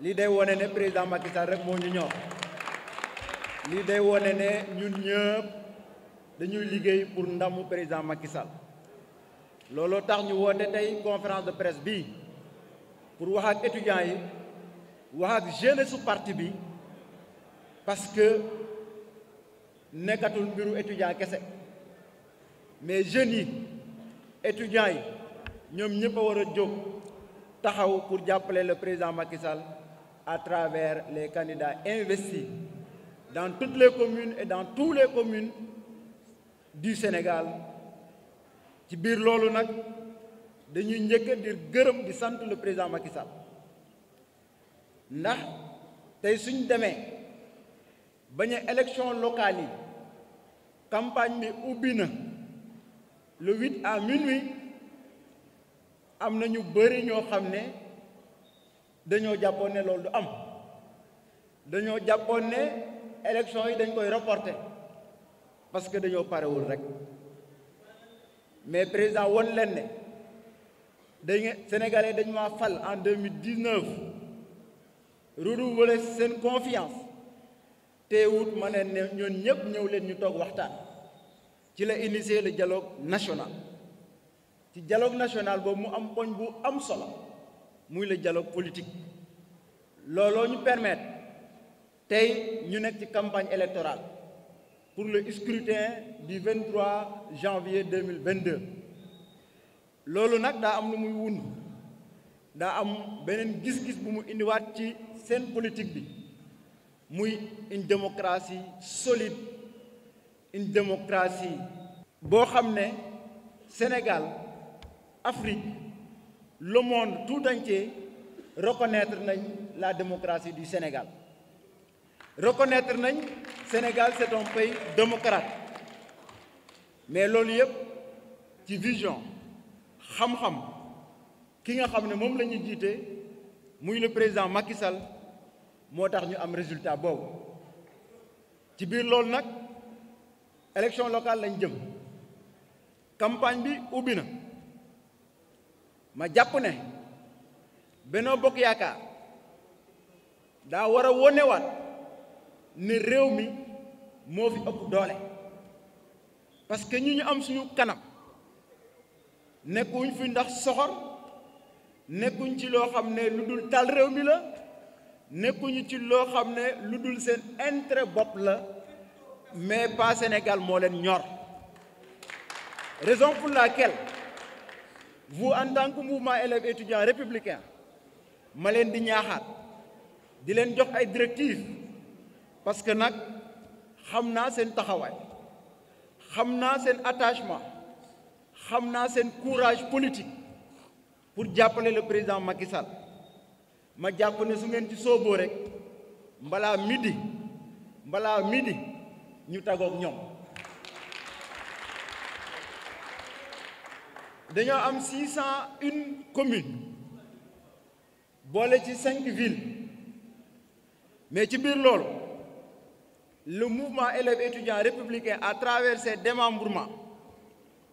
li day woné né président Macky Sall rek mo ñu ñoo li day woné né ñun ñëpp dañuy liggéey pour ndamu président Macky Sall looloo tax ñu woote tay conférence de presse bi pour wax ak étudiants yi wax ak jeunesse parti bi parce que nekkatul mbiru étudiant kessé mais jeunes yi étudiants yi ñom ñëpp wara war taxaw pour jàppale le président Macky Sall à travers les candidats investis dans toutes les communes et dans toutes les communes du Sénégal ci ont nak dañu di le président Macky Sall ndax tay suñ démé baña élection locale campagne bi le 8 à minuit am na ñu bëri ño xamné dañoo jàppoon ne loolu du am dañoo jàppoon ne élection yi dañ koy reporter parce que dañoo parewul rek mais président won leen ne dañ sénégalais dañ maa fal en 2019 renouveler seen confiance teewut ma ne ne ñoon ñëpp ñëw leen ñu toog waxtaan ci la initier le dialogue national ci dialogue national boobu mu am poñ bu am solo muy le dialogue politique lolo ñu permettre tay ñu nek campagne électorale pour le scrutin du 23 janvier 2022 lolo qui da am lu muy wund da am gis politique bi une démocratie solide une démocratie qui xamné Sénégal Afrique le monde tout entier reconnaître la démocratie du Sénégal. Reconnaître le Sénégal, c'est un pays démocrate. Mais yeb qui vision, xam xam, qui nga xamne mom lañu jité, le président Macky Sall motax ñu am résultat bobu. Ci bir lool nak élection locale lañ jëm. Campagne bi ubina. na ma japp ne Bokyaka. Bokk Yaakaar daa war a wonewaat ne réew mi moo fi ëpp doole parce que ñu sommes am suñu kanam nekkuñ fi ndax soxor nekkuñ ci ne lu dul taal réew mi la nekkuñu ci loo xam ne lu intérêt mais pas Sénégal ñor raison pour laquelle vous en tant que mouvement élèves étudiants républicains ma leen di ñaaxaat di leen jox ay directives parce que nag xam naa seen taxawaay xam naa seen attachement xam naa seen courage politique pour jàppale le président Macky Sall ma jàpp ne su ngeen ci sooboo rek mbalaa midi mbalaa midi ñu tagook ñoom Nous avons 601 communes, une commune villes mais ci biir le mouvement élève étudiant républicain a traversé ses démembrements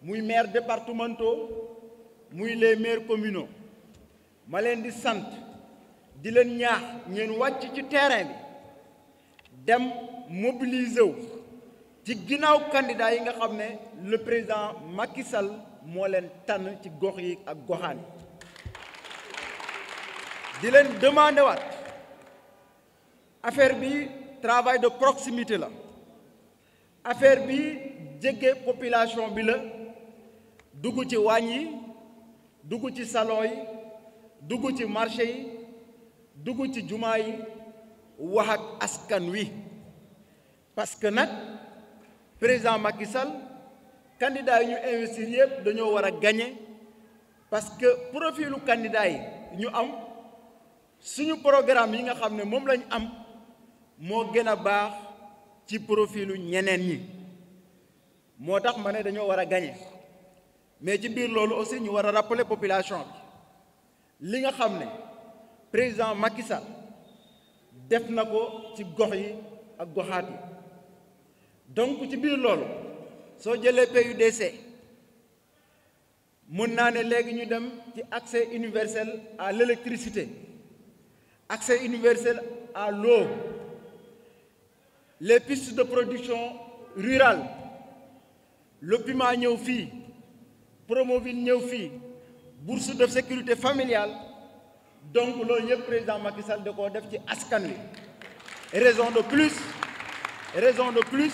les maires départementaux les maires communaux Je leen di sant di leen ñaax terrain bi dem mobiliser les ci candidat yi nga le président Macky Sall moo leen tànn ci gox yi ak goxaan di len demander wat affaire bi travail de proximité la affaire bi djegge population bi la dugg ci waañ yi dugg ci salon yi dugg ci marché yi dugg ci jumaa yi wax ak askan wi parce que nak président Macky candidat ñu investir yëpp dañoo war a gagner parce que profilu candidat yi ñu am suñu programme yi nga xam ne moom lañu am moo gën a baax ci profilu ñeneen ñi moo tax ma ne dañoo war a gagner mais ci biir loolu aussi ñu war a rappeler population bi li nga xam ne président Macky Sall def na ko ci gox yi ak goxaat yi donc ci biir loolu so les PUDC mën naa ne léegi accès universel à l'électricité accès universel à l'eau les pistes de production rurales, le piment, ñëw fii promovin bourse de sécurité familiale donc loolu yëpp président Macky Sall da koo def ci askan raison de plus raison de plus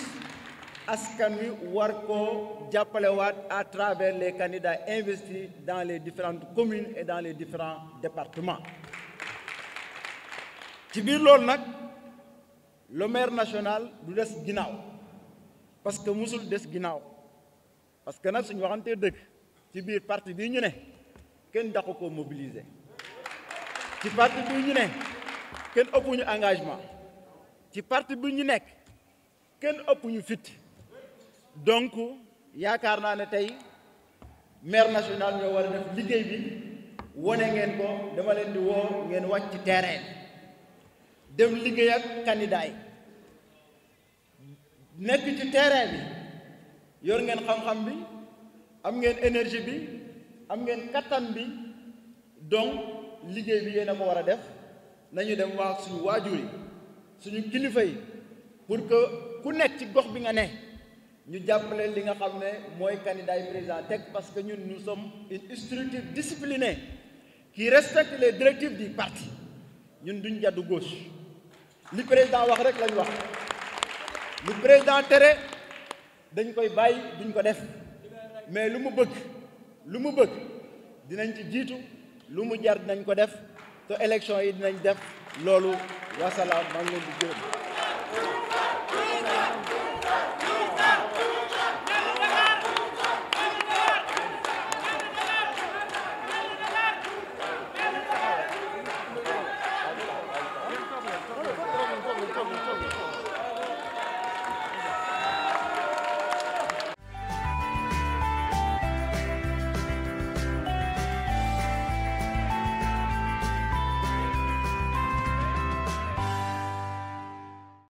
askan Warko war à travers les candidats investis dans les différentes communes et dans les différents départements ci biir loolu le maire national du des ginnaaw parce que musul des ginnaaw parce que nous, sommes waxantee de ci biir parti bii ñu ne kenn daqu ko mobiliser ci parti bi ñu ne ken ëpp ñu engagement ci parti bi ñu nekk ken ëpp ñu fit donc yaakaar naa ne tey mair national ñoo war a def liggéey bi wone ngeen ko dama leen di woo ngeen wàcc ci terrain dem liggéey ak candidat yi nekk ci terrain bi yor ngeen xam-xam bi am ngeen énergie bi am ngeen kattan bi donc liggéey bi yéen a ko war a def nañu dem wax suñu waajur yi suñu kilifa yi pour que ku nekk ci gox bi nga ne ñu jàppale li nga xam ne mooy candidat yi président teg parce que ñun nous sommes une structure disciplinée qui respecte les directives du parti ñun duñ jàddu gauche li président wax rek lañ wax lu président tere dañ koy bàyyi duñ ko def mais lu mu bëgg lu mu bëgg dinañ ci jiitu lu mu jar dinañ ko def te élection yi dinañ def loolu wasalaam maa ngi leen di gërëm